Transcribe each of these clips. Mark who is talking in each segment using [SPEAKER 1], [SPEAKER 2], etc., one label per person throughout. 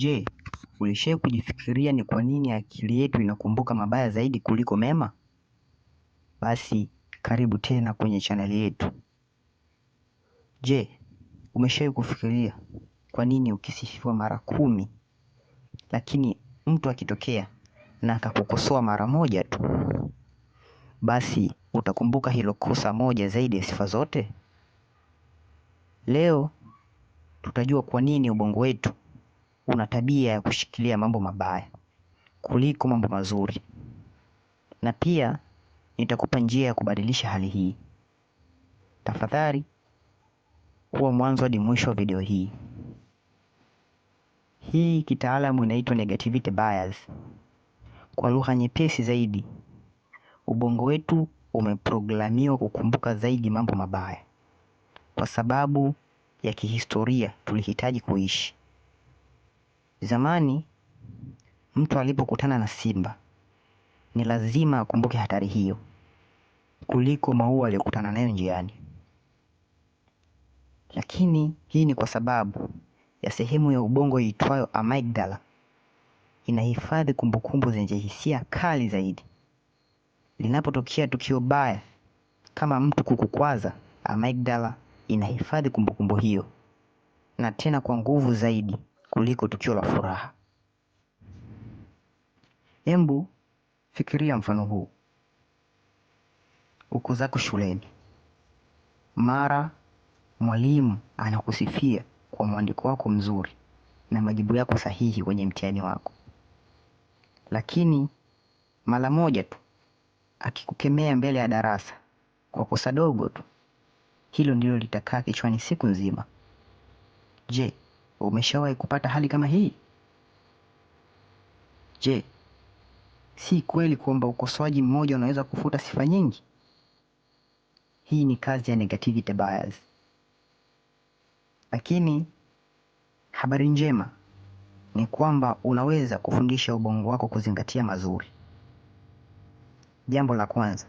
[SPEAKER 1] Je, ulishawahi kujifikiria ni kwa nini akili yetu inakumbuka mabaya zaidi kuliko mema? Basi, karibu tena kwenye chaneli yetu. Je, umeshawahi kufikiria kwa nini ukisifiwa mara kumi, lakini mtu akitokea na akakukosoa mara moja tu, basi utakumbuka hilo kosa moja zaidi ya sifa zote? Leo tutajua kwa nini ubongo wetu una tabia ya kushikilia mambo mabaya kuliko mambo mazuri, na pia nitakupa njia ya kubadilisha hali hii. Tafadhali kuwa mwanzo hadi mwisho wa video hii. Hii kitaalamu inaitwa negativity bias. Kwa lugha nyepesi zaidi, ubongo wetu umeprogramiwa kukumbuka zaidi mambo mabaya, kwa sababu ya kihistoria tulihitaji kuishi. Zamani mtu alipokutana na simba ni lazima akumbuke hatari hiyo kuliko maua aliyokutana nayo njiani. Lakini hii ni kwa sababu ya sehemu ya ubongo iitwayo amygdala inahifadhi kumbukumbu zenye hisia kali zaidi. Linapotokea tukio baya kama mtu kukukwaza, amygdala inahifadhi kumbukumbu hiyo na tena kwa nguvu zaidi kuliko tukio la furaha. Embu fikiria mfano huu. Uko zako shuleni, mara mwalimu anakusifia kwa mwandiko wako mzuri na majibu yako sahihi kwenye mtihani wako, lakini mara moja tu akikukemea mbele ya darasa kwa kosa dogo tu, hilo ndilo litakaa kichwani siku nzima. Je, Umeshawahi kupata hali kama hii? Je, si kweli kwamba ukosoaji mmoja unaweza kufuta sifa nyingi? Hii ni kazi ya negativity bias. Lakini habari njema ni kwamba unaweza kufundisha ubongo wako kuzingatia mazuri. Jambo la kwanza,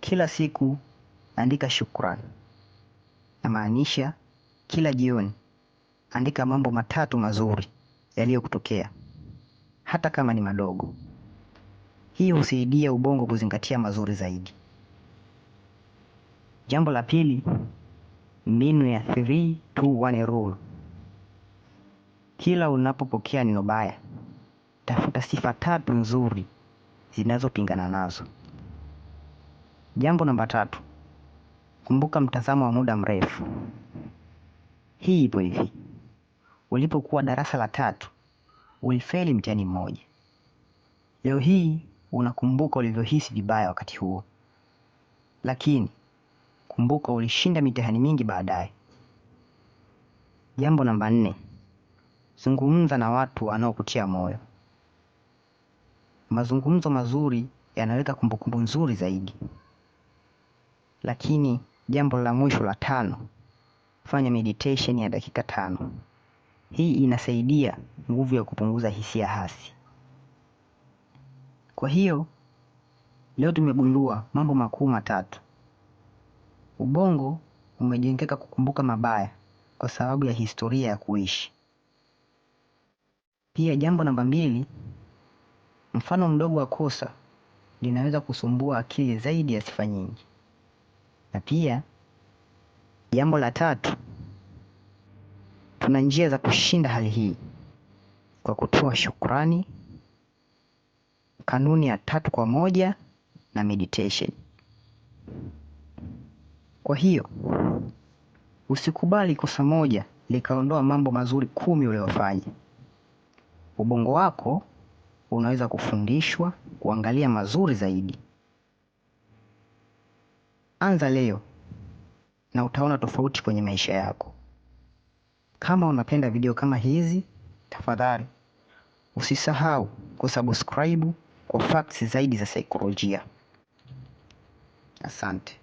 [SPEAKER 1] kila siku andika shukrani. Namaanisha kila jioni Andika mambo matatu mazuri yaliyokutokea hata kama ni madogo. Hii husaidia ubongo kuzingatia mazuri zaidi. Jambo la pili, mbinu ya 3 2 1 rule. Kila unapopokea neno baya, tafuta sifa tatu nzuri zinazopingana nazo. Jambo namba tatu, kumbuka mtazamo wa muda mrefu. Hii ipo hivi ulipokuwa darasa la tatu ulifeli mtihani mmoja. Leo hii unakumbuka ulivyohisi vibaya wakati huo, lakini kumbuka ulishinda mitihani mingi baadaye. Jambo namba nne: zungumza na watu wanaokutia moyo. Mazungumzo mazuri yanaweka kumbukumbu nzuri zaidi. Lakini jambo la mwisho la tano, fanya meditation ya dakika tano. Hii inasaidia nguvu ya kupunguza hisia hasi. Kwa hiyo leo tumegundua mambo makuu matatu. Ubongo umejengeka kukumbuka mabaya kwa sababu ya historia ya kuishi. Pia jambo namba mbili, mfano mdogo wa kosa linaweza kusumbua akili zaidi ya sifa nyingi. Na pia jambo la tatu, Tuna njia za kushinda hali hii kwa kutoa shukrani, kanuni ya tatu kwa moja na meditation. Kwa hiyo usikubali kosa moja likaondoa mambo mazuri kumi uliyofanya. Ubongo wako unaweza kufundishwa kuangalia mazuri zaidi. Anza leo na utaona tofauti kwenye maisha yako. Kama unapenda video kama hizi, tafadhali usisahau kusubscribe kwa facts zaidi za saikolojia. Asante.